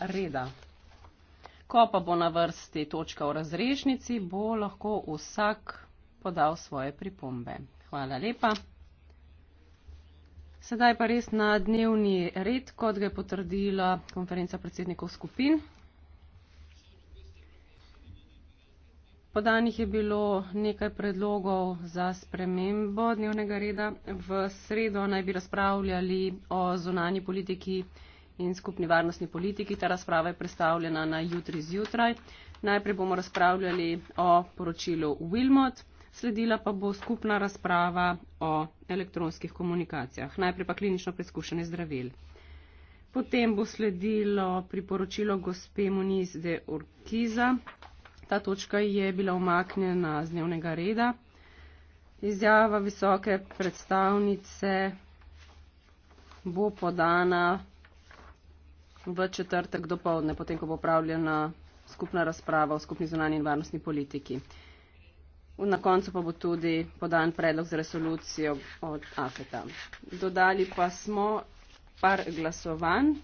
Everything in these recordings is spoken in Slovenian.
reda. Ko pa bo na vrsti točka v razrešnici, bo lahko vsak podal svoje pripombe. Hvala lepa. Sedaj pa res na dnevni red, kot ga je potrdila konferenca predsednikov skupin. Podanih je bilo nekaj predlogov za spremembo dnevnega reda. V sredo naj bi razpravljali o zunanji politiki in skupni varnostni politiki. Ta razprava je predstavljena na jutri zjutraj. Najprej bomo razpravljali o poročilu Wilmot, sledila pa bo skupna razprava o elektronskih komunikacijah. Najprej pa klinično preskušanje zdravil. Potem bo sledilo priporočilo gospe Muniz de Urkiza. Ta točka je bila omaknjena z dnevnega reda. Izjava visoke predstavnice bo podana v četrtek do povdne, potem ko bo upravljena skupna razprava o skupni zunanji in varnostni politiki. Na koncu pa bo tudi podan predlog za resolucijo od AFETA. Dodali pa smo par glasovanj.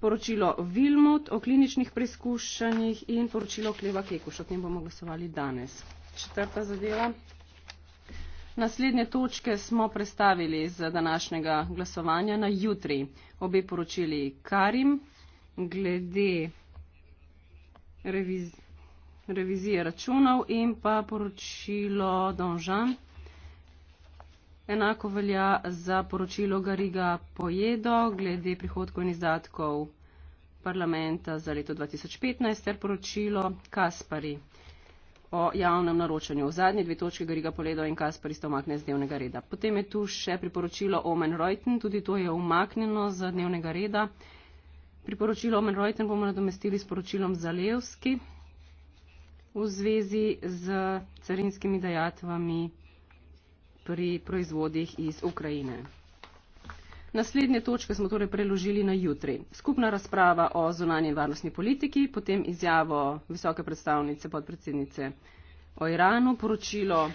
Poročilo Vilmot o kliničnih preizkušanjih in poročilo Kleva Kekuš, o tem bomo glasovali danes. Četrta zadeva. Naslednje točke smo predstavili z današnjega glasovanja na jutri. Obe poročili Karim glede reviz revizije računov in pa poročilo Donžan. Enako velja za poročilo Gariga Pojedo glede prihodkov in izdatkov parlamenta za leto 2015 ter poročilo Kaspari o javnem naročanju. V zadnji dve točki Gariga Poledo in Kaspar isto omakne z dnevnega reda. Potem je tu še priporočilo Omen Reuten, tudi to je omaknjeno z dnevnega reda. Priporočilo Omen Reuten bomo nadomestili s poročilom Zalevski v zvezi z carinskimi dajatvami pri proizvodih iz Ukrajine. Naslednje točke smo torej preložili na jutri. Skupna razprava o zunanje varnostni politiki, potem izjavo visoke predstavnice podpredsednice o Iranu, poročilo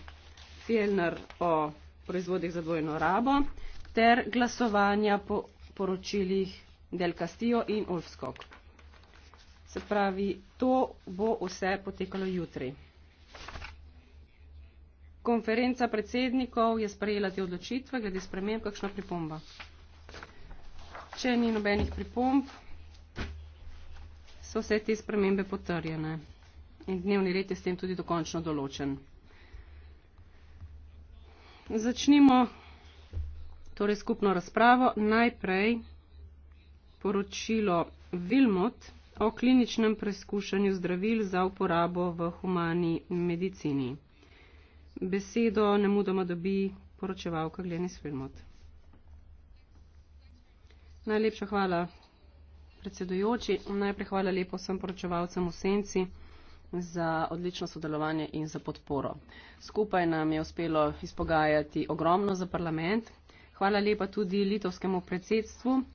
Fjellner o proizvodih za dvojno rabo ter glasovanja po poročilih Del Castillo in Ulfskog. Se pravi, to bo vse potekalo jutri. Konferenca predsednikov je sprejela te odločitve, glede sprememb, kakšna pripomba? Če ni nobenih pripomb, so vse te spremembe potrjene in dnevni red je s tem tudi dokončno določen. Začnimo torej skupno razpravo. Najprej poročilo Vilmot o kliničnem preskušanju zdravil za uporabo v humani medicini. Besedo ne mudoma dobi poročevalka Glenis Vilmot. Najlepša hvala, predsedujoči. Najprej hvala lepo vsem poročevalcem v Senci za odlično sodelovanje in za podporo. Skupaj nam je uspelo izpogajati ogromno za parlament. Hvala lepa tudi litovskemu predsedstvu.